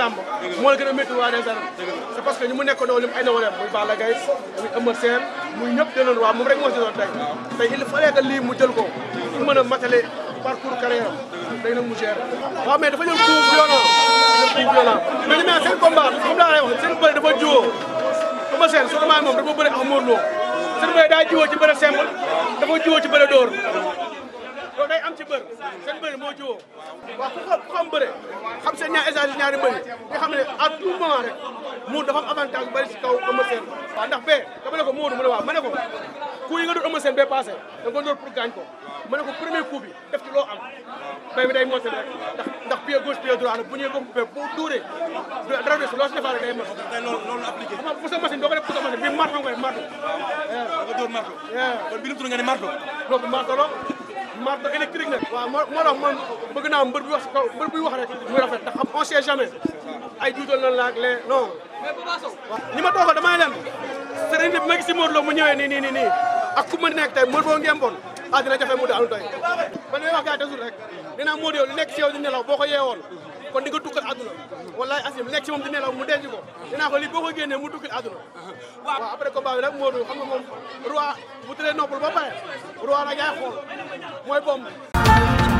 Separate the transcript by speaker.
Speaker 1: làmb moo la gën a mu nekk doon lim ay na wareem muy Balla Gaye muy ñëpp danoon waa moom rek moo si doon tey il fallait que lii mu jël ko pour mën a matale parcours carrière day nag mu cher waaw mais dafa jël coup violent jël coup violent mais ñu mel seen combat comme laa lay wax seen bëri dafa jiwoo Eumeu Sène soo demaay moom dafa bëri ak Modou Lo seen bëri daa jiwoo ci bëri simple dafa jiwoo ci bëri dóor loolu day am ci bër seen bëri moo ci woo waaw ku xam bëre xam seen ñaar échange ñaari bëri nga xam ne à tout moment rek mu dafa am avantage bu si kaw Eumeu Sène waaw ndax bee dama ne ko Modou mu ne waaw ma ne ko coup nga doon Eumeu Sène bee passé ko door pour gaañ ko ma ne ko premier coup def ci loo am bay bi day bu ñuy bokk bee boo duuree dara day mos loolu la appliqué doo ko def pour bi marto marto da nga marto kon marteau électrique nag waaw moo moo tax man bëgg naa mbër bi ay juutal na laak lee non ñi ma toogal damay leen sëriñ bi ma gis mu ñëwee nii nii nii nii ak nekk tey Modou boo a ah dina jafe mu daanu tey man li wax gars yi toujours rek dinaa Modou yow nekk si di nelaw boo ko yeewoon kon di nga tukkal àdduna wallaay asim nekk ci di nelaw mu ko dinaa ko lii boo ko génnee mu tukkal àdduna waaw après combat bi nag Modou xam lu war a ngay xool mooy bomb